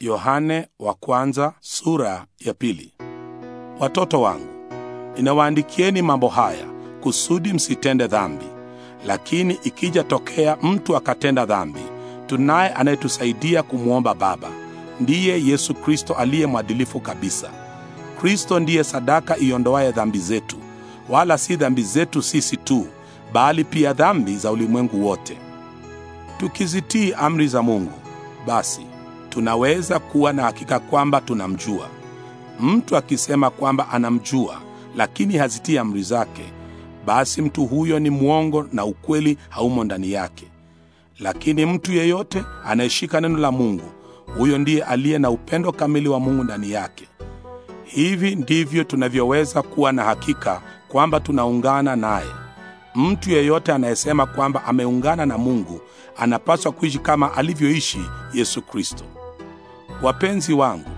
Yohane wa kwanza sura ya pili. Watoto wangu, inawaandikieni mambo haya kusudi msitende dhambi. Lakini ikija tokea mtu akatenda dhambi, tunaye anayetusaidia kumwomba Baba, ndiye Yesu Kristo aliye mwadilifu kabisa. Kristo ndiye sadaka iondoaye dhambi zetu, wala si dhambi zetu sisi tu, bali pia dhambi za ulimwengu wote. Tukizitii amri za Mungu, basi tunaweza kuwa na hakika kwamba tunamjua. Mtu akisema kwamba anamjua lakini hazitii amri zake, basi mtu huyo ni mwongo na ukweli haumo ndani yake. Lakini mtu yeyote anayeshika neno la Mungu, huyo ndiye aliye na upendo kamili wa Mungu ndani yake. Hivi ndivyo tunavyoweza kuwa na hakika kwamba tunaungana naye. Mtu yeyote anayesema kwamba ameungana na Mungu anapaswa kuishi kama alivyoishi Yesu Kristo. Wapenzi wangu,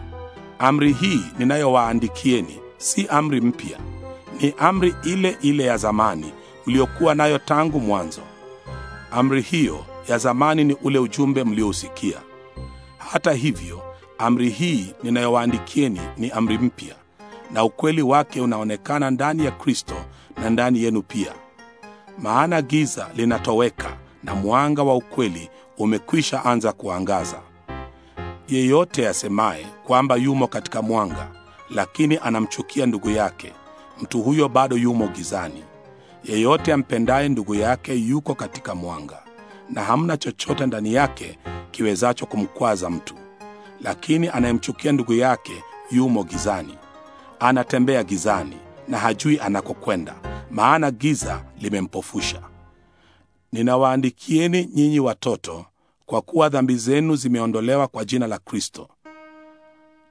amri hii ninayowaandikieni si amri mpya, ni amri ile ile ya zamani mliokuwa nayo tangu mwanzo. Amri hiyo ya zamani ni ule ujumbe mliousikia. Hata hivyo, amri hii ninayowaandikieni ni amri mpya, na ukweli wake unaonekana ndani ya Kristo na ndani yenu pia. Maana giza linatoweka na mwanga wa ukweli umekwisha anza kuangaza. Yeyote asemaye kwamba yumo katika mwanga, lakini anamchukia ndugu yake, mtu huyo bado yumo gizani. Yeyote ampendaye ndugu yake yuko katika mwanga, na hamna chochote ndani yake kiwezacho kumkwaza mtu. Lakini anayemchukia ndugu yake yumo gizani, anatembea gizani na hajui anakokwenda, maana giza limempofusha. Ninawaandikieni nyinyi watoto, kwa kuwa dhambi zenu zimeondolewa kwa jina la Kristo.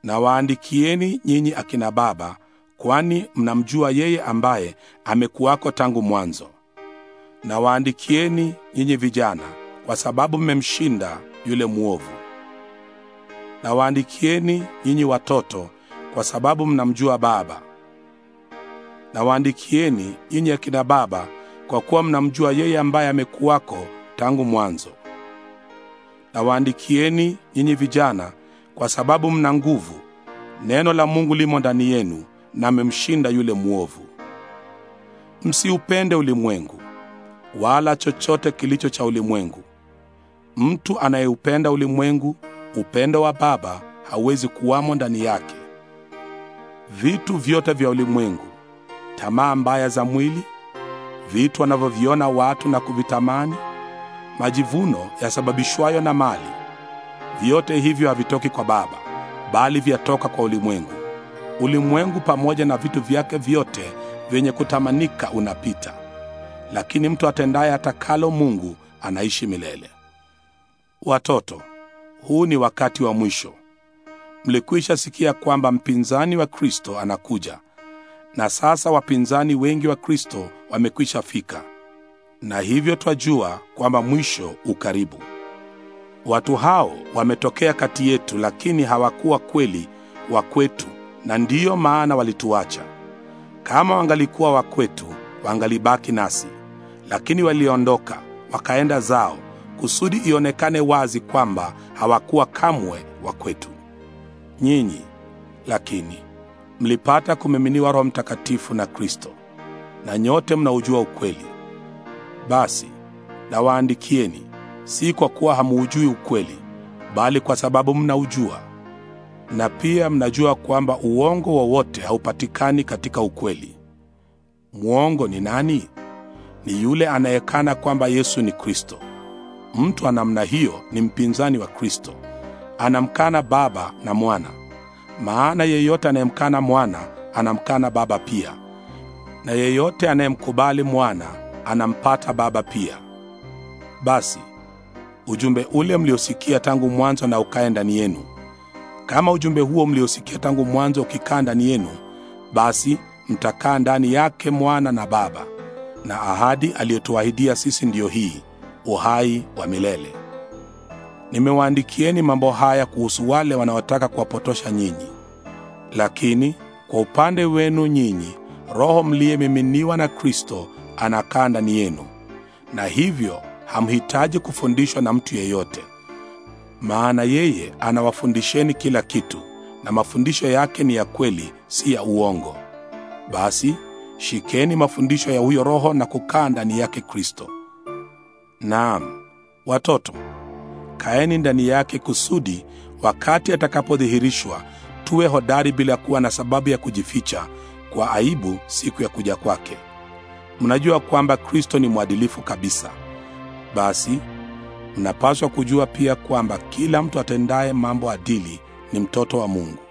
Na waandikieni nyinyi akina baba, kwani mnamjua yeye ambaye amekuwako tangu mwanzo. Na waandikieni nyinyi vijana, kwa sababu mmemshinda yule mwovu. Na waandikieni nyinyi watoto, kwa sababu mnamjua Baba. Na waandikieni nyinyi akina baba, kwa kuwa mnamjua yeye ambaye amekuwako tangu mwanzo nawaandikieni nyinyi vijana, kwa sababu mna nguvu, neno la Mungu limo ndani yenu, na amemshinda yule mwovu. Msiupende ulimwengu wala chochote kilicho cha ulimwengu. Mtu anayeupenda ulimwengu, upendo wa Baba hauwezi kuwamo ndani yake. Vitu vyote vya ulimwengu, tamaa mbaya za mwili, vitu wanavyoviona watu na kuvitamani majivuno yasababishwayo na mali, vyote hivyo havitoki kwa Baba, bali vyatoka kwa ulimwengu. Ulimwengu pamoja na vitu vyake vyote vyenye kutamanika unapita, lakini mtu atendaye atakalo Mungu anaishi milele. Watoto, huu ni wakati wa mwisho. Mlikwisha sikia kwamba mpinzani wa Kristo anakuja, na sasa wapinzani wengi wa Kristo wamekwisha fika na hivyo twajua kwamba mwisho ukaribu. Watu hao wametokea kati yetu, lakini hawakuwa kweli wa kwetu, na ndiyo maana walituacha. Kama wangalikuwa wa kwetu, wangalibaki nasi, lakini waliondoka wakaenda zao, kusudi ionekane wazi kwamba hawakuwa kamwe wa kwetu. Nyinyi lakini mlipata kumiminiwa Roho Mtakatifu na Kristo, na nyote mnaujua ukweli basi nawaandikieni, si kwa kuwa hamuujui ukweli, bali kwa sababu mnaujua, na pia mnajua kwamba uongo wowote haupatikani katika ukweli. Mwongo ni nani? Ni yule anayekana kwamba Yesu ni Kristo. Mtu wa namna hiyo ni mpinzani wa Kristo, anamkana Baba na Mwana. Maana yeyote anayemkana Mwana anamkana Baba pia, na yeyote anayemkubali Mwana anampata Baba pia. Basi ujumbe ule mliosikia tangu mwanzo na ukae ndani yenu. Kama ujumbe huo mliosikia tangu mwanzo ukikaa ndani yenu, basi mtakaa ndani yake mwana na Baba. Na ahadi aliyotuahidia sisi ndiyo hii, uhai wa milele. Nimewaandikieni mambo haya kuhusu wale wanaotaka kuwapotosha nyinyi. Lakini kwa upande wenu nyinyi, Roho mliyemiminiwa na Kristo anakaa ndani yenu, na hivyo hamhitaji kufundishwa na mtu yeyote, maana yeye anawafundisheni kila kitu, na mafundisho yake ni ya kweli, si ya uongo. Basi shikeni mafundisho ya huyo Roho na kukaa ndani yake Kristo. Naam, watoto, kaeni ndani yake kusudi wakati atakapodhihirishwa tuwe hodari bila kuwa na sababu ya kujificha kwa aibu siku ya kuja kwake mnajua kwamba Kristo ni mwadilifu kabisa. Basi mnapaswa kujua pia kwamba kila mtu atendaye mambo adili ni mtoto wa Mungu.